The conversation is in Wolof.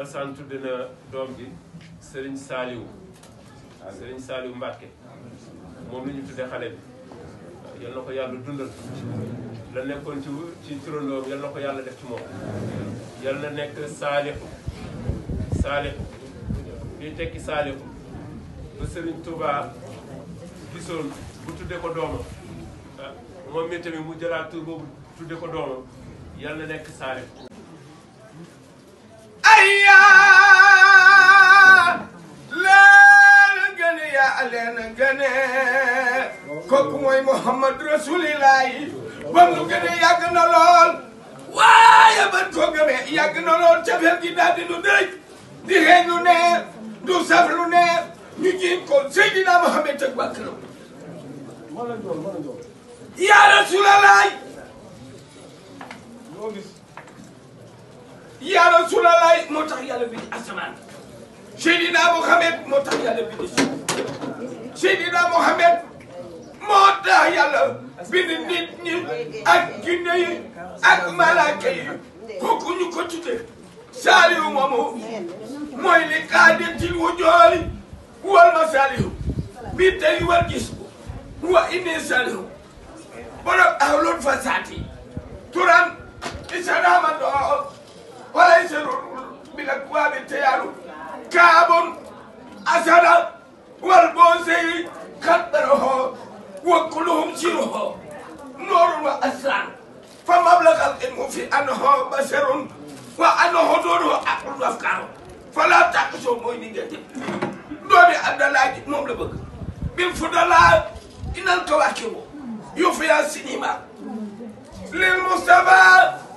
Assane tudd na doom bi Serigne Saliou Serigne Saliou Mbacke moom la ñu tudde xale bi yal na ko yàlla dundal la nekkoon ci ci turandoom yal na ko yàlla def ci moom yal na nekk saalixu saalixu liy tekki saalixu ba Serigne Touba gisoon bu tudde ko doomam ah, moom mi tamit mu jëlaat tur boobu tudde ko doomam yal na nekk saalixu kooku mooy Muhammad Rasulillahi ba mu gënee yàgg na lool waaye ban ko gëmee yàgg na lool cafeel gi daal di nu dëj di xeeñ lu neex du saf lu neex ñu jiin ko Seydina Muhammad ak bàkkaram yaa Rasulillahi yaa rasulallah moo tax yàlla bindi asamaan Seydina Mohamed moo tax yàlla bindi suuf Seydina Mohamed moo tax yàlla bind nit ñi ak ginne yi ak malaaka yi kooku ñu ko tuddee saaliyu moomu mooy li qaadatil wujuuhi wal masaalihu bi tey wal gis wa inni saalihu borom ahlu fasaati turan isana tubaɓe teyaɗo kaabon asada wal boseyi kaɗɗaro ho wokkuluhum siru ho norun wa asran fa mablakal ilmu fi an ho basarun wa an hodoru sinima lil mustafa